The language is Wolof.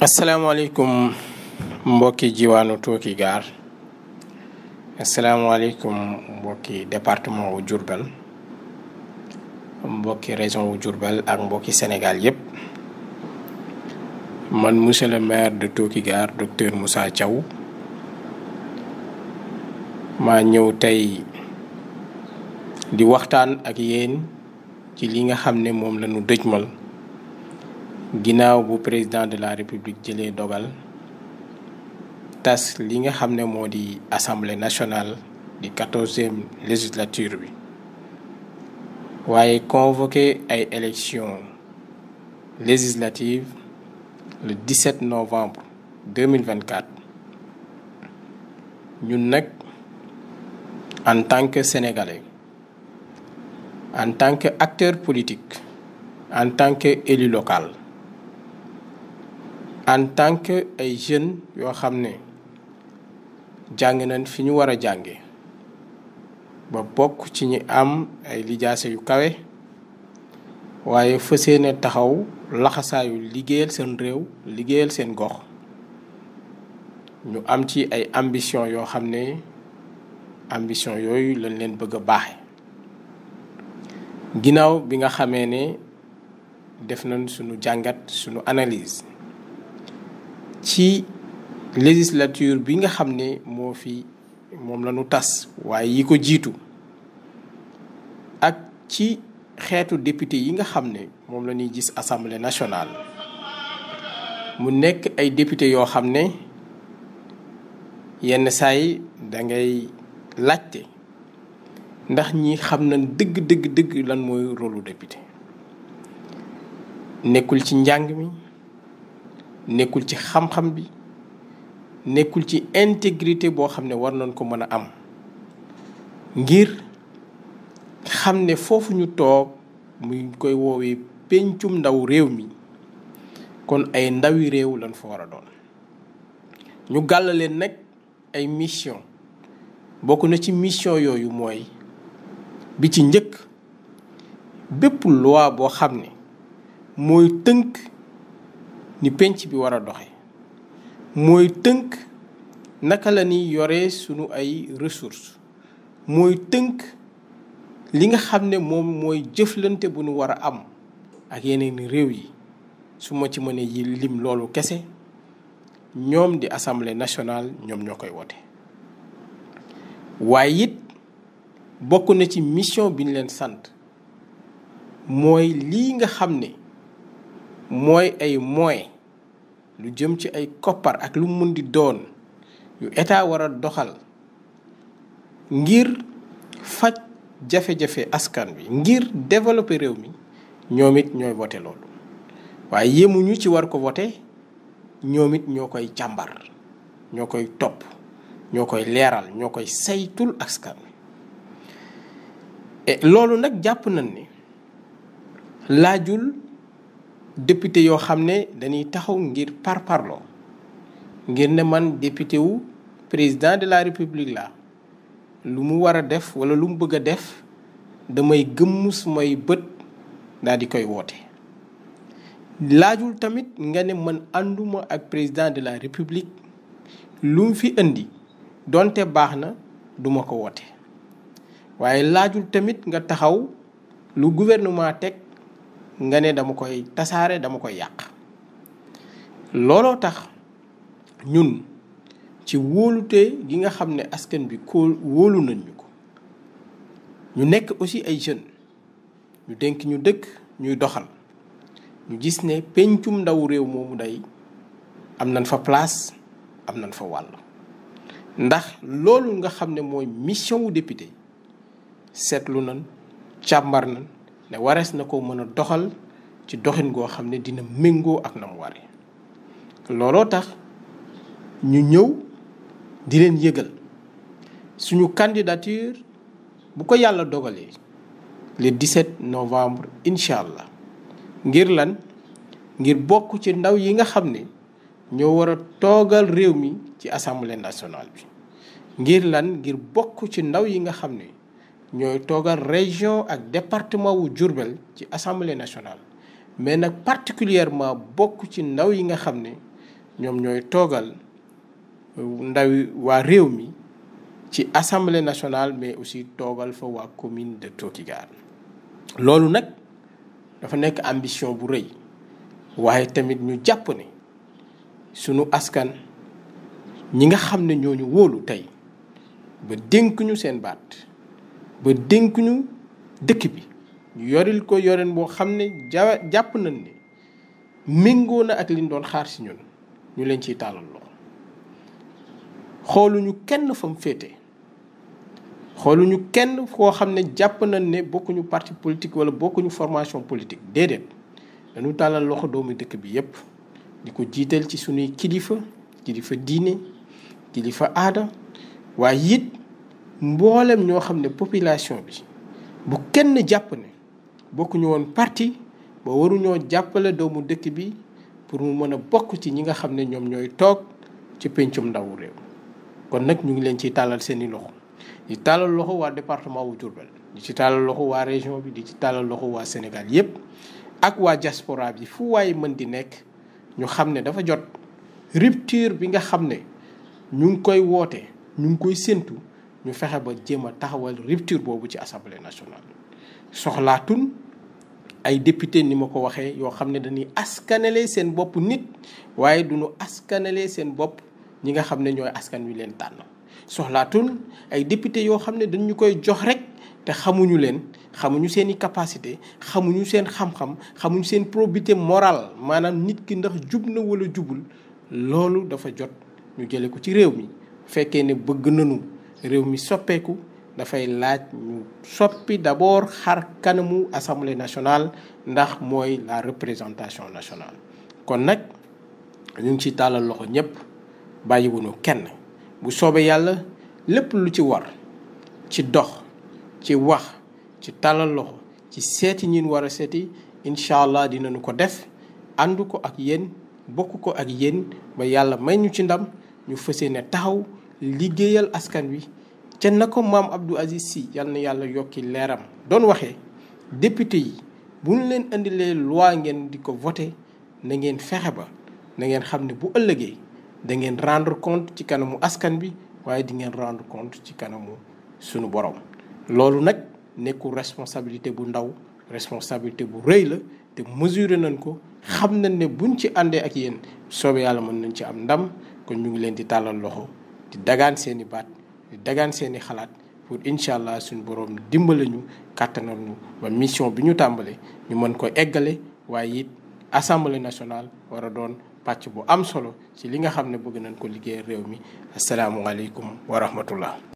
asalaamaaleykum mbokki jiwaanu Tooki Gaar asalaamaaleykum mbokki département wu jurbal mbokki région wu jurbal ak mbokki Sénégal yépp man monsieur le maire de Tooki Gaar docteur musa caw maa ñëw tey di waxtaan ak yéen ci li nga xam ne moom la ñu dëjmal ginnaaw bu président de la république jëlee dogal tas li nga xam ne moo di assemblée nationale di e législature bi waaye convoqué ay élections législative le 17 novembre 2024 ñun nag en tant que sénégalais en tant que acteur politique en tant que élu local en tant que ay jeunes yoo xam ne jàng nañ fi ñu war a jànge ba bokk ci ñi am ay lijaase yu kawe waaye fas yéene taxaw laxasaayu liggéeyal seen réew liggéeyal seen gox ñu am ci ay ambition yoo xam ne ambition yooyu lañ leen bëgg a baaxe ginnaaw bi nga xamee ne def nañ sunu jàngat sunu analyse ci législature bi nga xam ne moo fi moom la tas waaye yi ko jiitu ak ci xeetu député yi nga xam ne moom la gis assemblée nationale mu nekk ay député yoo xam ne yenn saay dangay ngay laajte ndax ñi xam na dëgg dëgg dëgg lan mooy rôlu dépité nekkul ci njàng mi nekkul ci xam-xam bi nekkul ci intégrité boo xam ne war nañ ko mën a am ngir xam ne foofu ñu toog muy koy woowee pencum ndaw réew mi kon ay ndawi réew lañ fa war a doon ñu gàll leen nag ay mission bokk na ci mission yooyu mooy bi ci njëkk bépp loi boo xam ne mooy tënk ni penc bi war a doxe mooy tënk naka la ñuy yoree sunu ay ressources mooy tënk li nga xam ne moom mooy jëflante bu nu war a am ak yeneen réew yi su ma ci mënee yi lim loolu kese ñoom di assemblée nationale ñoom ñoo koy wote waaye it bokk na ci mission bi ñu leen sant mooy lii nga xam ne mooy ay moyens lu jëm ci ay koppar ak lu mun di doon yu état war doxal ngir faj jafe-jafe askan bi ngir développer réew mi ñoom it ñooy wote loolu waaye yemuñu ci war ko wote ñoomit ñoo koy càmbar ñoo koy topp ñoo koy leeral ñoo koy saytul askan wi e, loolu nag jàpp nañ ni laajul député yoo xam ne dañuy taxaw ngir par parparloo ngir ne man député wu président de la république la lu mu war a def wala lu mu bëgg a def damay gëmm sumay bët daal di koy woote. laajul tamit nga ne man ànduma ak président de la république lu mu fi indi donte baax na duma ko woote waaye laajul tamit nga taxaw lu gouvernement teg. nga ne dama koy tasaare dama koy yàq looloo tax ñun ci wóolute gi nga xam ne askan bi koo wóolu nañ ñu ko ñu nekk aussi ay jeunes ñu dénk ñu dëkk ñuy doxal ñu gis ne pencum ndaw réew moomu day am nañ fa place am nañ fa wàll ndax loolu nga xam ne mooy mission wu député seetlu nañ càmbar nañ ne warees na ko mën a doxal ci doxin goo xam ne dina méngoo ak na mu ware looloo tax ñu ñëw di leen yëgal suñu candidature bu ko yàlla dogalee le 17 novembre incha allah ngir lan ngir bokk ci ndaw yi nga xam ne ñoo war a toogal réew mi ci assemblée nationale bi ngir lan ngir bokk ci ndaw yi nga xam ne ñooy toogal région ak département wu Diourbel ci assemblée nationale mais nag particulièrement bokk ci ndaw yi nga xam ne ñoom ñooy toogal euh, ndaw waa réew mi ci assemblée nationale mais aussi toogal fa waa commune de Tokigane loolu nag dafa nekk ambition bu rëy waaye tamit ñu jàpp ne sunu askan ñi nga xam ne ñoo ñu wóolu tey ba dénk seen baat ba dénk dëkk bi ñu yoril ko yoreen boo xam ne jàpp nañ ne méngoo na ak liñ doon xaar si ñun ñu leen ciy tàllal loxo xooluñu kenn fa mu féete xooluñu kenn koo xam ne jàpp nañ ne bokkuñu parti politique wala bokkuñu formation politique déedéet dañu tàllal loxo doomu dëkk bi yépp di ko jiital ci suñuy kilifa kilifa diine kilifa aada waaye yit mboolem ñoo xam ne population bi bu kenn jàpp ne bokkuñu woon parti ba waruñoo jàppale doomu dëkk bi pour mu mën a bokk ci ñi nga xam ne ñoom ñooy toog ci péncum ndawu réew kon nag ñu ngi leen ciy tàllal seen i loxo di tàllal loxo waa département wu Diourbel di ci tàllal loxo waa région bi di ci tàllal loxo waa Sénégal yépp ak waa diaspora yi fu waaye mën di nekk ñu xam ne dafa jot rupture bi nga xam ne ñu ngi koy woote ñu ngi koy séentu ñu fexe ba jéem a taxawal rupture boobu ci assemblée national soxlaatun ay député ni ma ko waxee yoo xam ne dañuy askanale seen bopp nit waaye duñu askanale seen bopp ñi nga xam ne ñooy askan wi leen tànn soxlaatul ay député yoo xam ne dañu koy jox rek te xamuñu leen xamuñu seen i capacité xamuñu seen xam-xam xamuñu seen probité morale maanaam nit ki ndax jub na wala jubul loolu dafa jot ñu jële ko ci réew mi fekkee ne bëgg nañu réew mi soppeeku dafay laaj ñu soppi d'abord xar kanamu assemblée nationale ndax mooy la représentation nationale. kon nag ñu ngi ciy tàllal loxo ñëpp bàyyiwuñu kenn bu soobee yàlla lépp lu ci war ci dox ci wax ci tàllal loxo ci seeti ñun war a seeti incha allah dinañu ko def ànd ko ak yéen bokk ko ak yéen ba yàlla may ñu ci ndam ñu fas ne taxaw. liggéeyal askan wi ca na ko maam Abdou Aziz Sy yal na yàlla yokki leeram doon waxee député yi bu ñu leen indilee loi ngeen di ko voté na ngeen fexe ba na ngeen xam ne bu ëllëgee da ngeen rendre compte ci kanamu askan bi waaye di ngeen rendre compte ci kanamu sunu borom. loolu nag nekkul responsabilité bu ndaw responsabilité bu rëy la te mesurer nañ ko xam na ne buñ ci àndee ak yéen soobe yàlla mën nañ ci am ndam kon ñu ngi leen di tàllal loxo. di dagaan seeni baat di dagaan seen i xalaat pour incha allah suñ borom dimbali ñu kàttanal ñu ba mission bi ñu tàmbalee ñu mën ko eggale waaye it assemblée nationale war a doon pàcc bu am solo ci li nga xam ne bëgg nañ ko liggéey réew mi asalaamualeykum wa rahmatullah